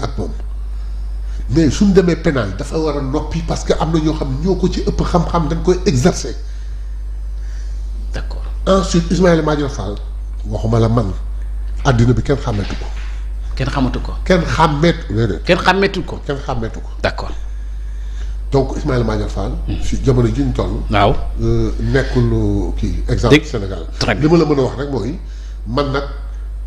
yi mais suñ demee pénal dafa wara a noppi parce que amna na ñoo xam ñoo ko ci ëpp xam-xam dañ koy exercer d'accord ensuite ismaël Madior Fall waxuma la man adina bi ken xamatu ko. ken xamatu ko. ken xamet déedéet. ken xamatu ko. kenn xàmmeetu ko. d'accord donc ismaël Madior Fall. Hmm. si jëmono ji ñu toll. euh nekkul ki exemple Sénégal. li la mëna wax rek mooy man nak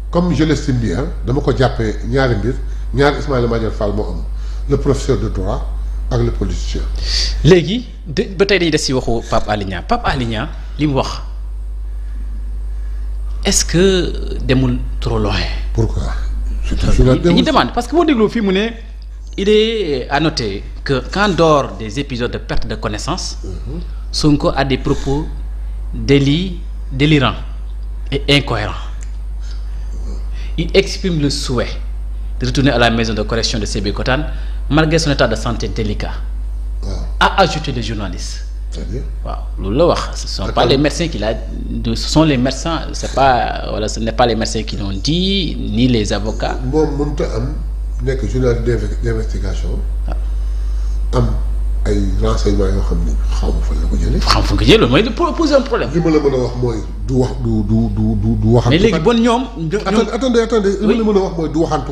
comme je l'estime bien dama ko jappé ñaari mbir ñaar Ismaïla Madior Fall mo am le professeur de droit avec le politicien. légui ba tay des si waxu Pape Aligna, Pape lim wax est-ce que demul trop loin. pourquoi. il demande parce que vous dégloo fi mu il est à noter que Quand dehors des épisodes de perte de connaissance. Mhm. Sonko a des propos délits, délirants et incohérents. il exprime le souhait de retourner à la maison de correction de Sébé Kotan, malgré son état de santé délicat, Ah. a ajouté des journalistes. Wow. Ce ne sont pas les médecins qui l'a ce sont les médecins, pas, voilà, ce n'est pas les médecins qui l'ont dit, ni les avocats. Moi, mon n'est un journaliste d'investigation, ah. am ay renseignements yoo xam ni xaw ma fan la ko jëlee. xam fa nga jël loolu mooy di poser un problème. li ma la mën a wax mooy du wax du du du du waxantu mais léegi bon ñoom. attendez attendez li ma a wax mooy du waxantu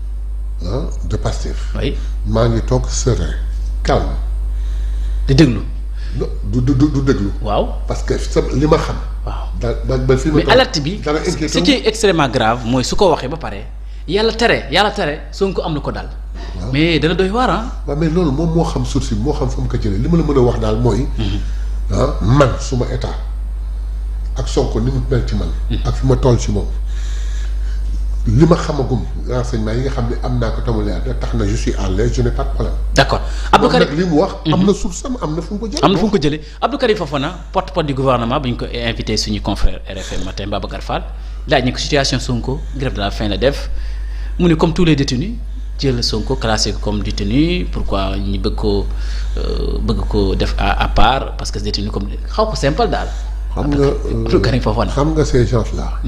Hein, de passif oui Mangi tok serein calme. de non du du du parce que li ma xam. waaw mais alerte ce qui est extrêmement grave moi y a la ba pare y a la terre Sonko am ko dal. mais dana doy waar hein mais moi je xam xam li ma moi mhm. ah, man état ak Sonko je ce que je renseignement yi nga xam ne am naa ko tamu leer tax na je suis à l'aise je n'ai pas de problème. d'accord Abdou Karim li mu wax. am na mhm. source am am ko y a na ko jëlee Abdou Karim Fofana porte-parole du gouvernement bu invité ko invité suñu confrère RFM matin Babakar Fall laaj ñu ko situation Sonko grève de la faim la def mu ne comme tous les détenus jël Sonko classé comme détenu pourquoi ñu veut ko euh, bëgg à part parce que c'est détenu comme xaw ko simple daal. xam nga Abdou Karim euh, Fofana xam nga ces gens là.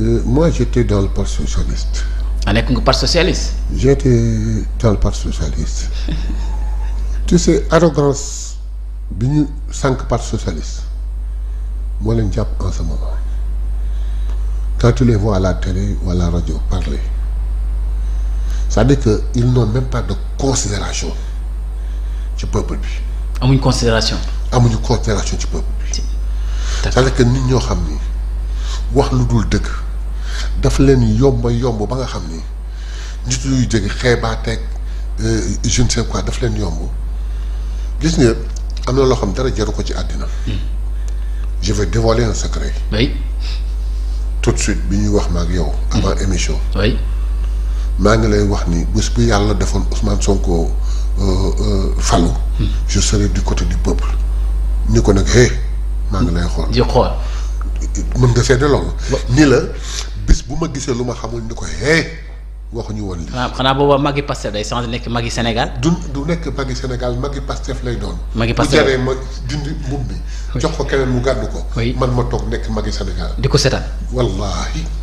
Euh, moi, j'étais dans le Parti Socialiste. avec ah, est Parti Socialiste J'étais dans le Parti Socialiste. tu sais, arrogance, nous cinq Parti Socialistes moi, je les en ce moment. Quand tu les vois à la télé ou à la radio parler, ça veut dire qu'ils n'ont même pas de considération du peuple. Amuñu considération. de considération du peuple. Ça veut dire que nous, nous, wax lu dul dafa leen yomba yomb ba nga xam ni nit yuy jóge xeebaateeg euh, je ne sais quoi daf leen yomb gis nga am na loo xam dara jaru ko ci àddina. Hmm. je vais dévoiler un secret. oui. tout de suite bi ñuy wax ma ak yow. Hmm. avant émission. oui. maa ngi lay wax ni bés bu yàlla defoon Ousmane Sonko euh, euh, falu. Hmm. je serai du côté du peuple. ni ko nag hey. maa ngi lay xool di xool. mën nga seede loolu. ni la bis bu ma gisee lu ma xamul ni ko hey waxuñu woon lii. waaw xanaa booba magi Pastef day changé nekk magi Sénégal. du du nekk magi Sénégal magi Pastef lay doon. magi Pastef bu jaree ma dindi mbubb bi jox ko keneen mu gàddu ko. man ma toog nekk magi Sénégal. di ko seetaan. wallaahi.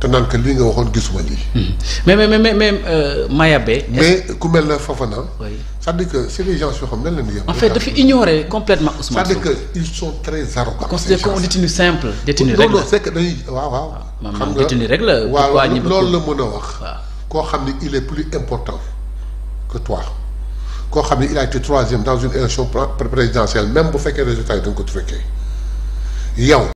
que hmm. mais mais mais mais euh, mais cest que c'est gens sur ignorer complètement cest sont très une simple. détenu non c'est que il est plus important que toi. il a été troisième dans une élection présidentielle même bu les résultat est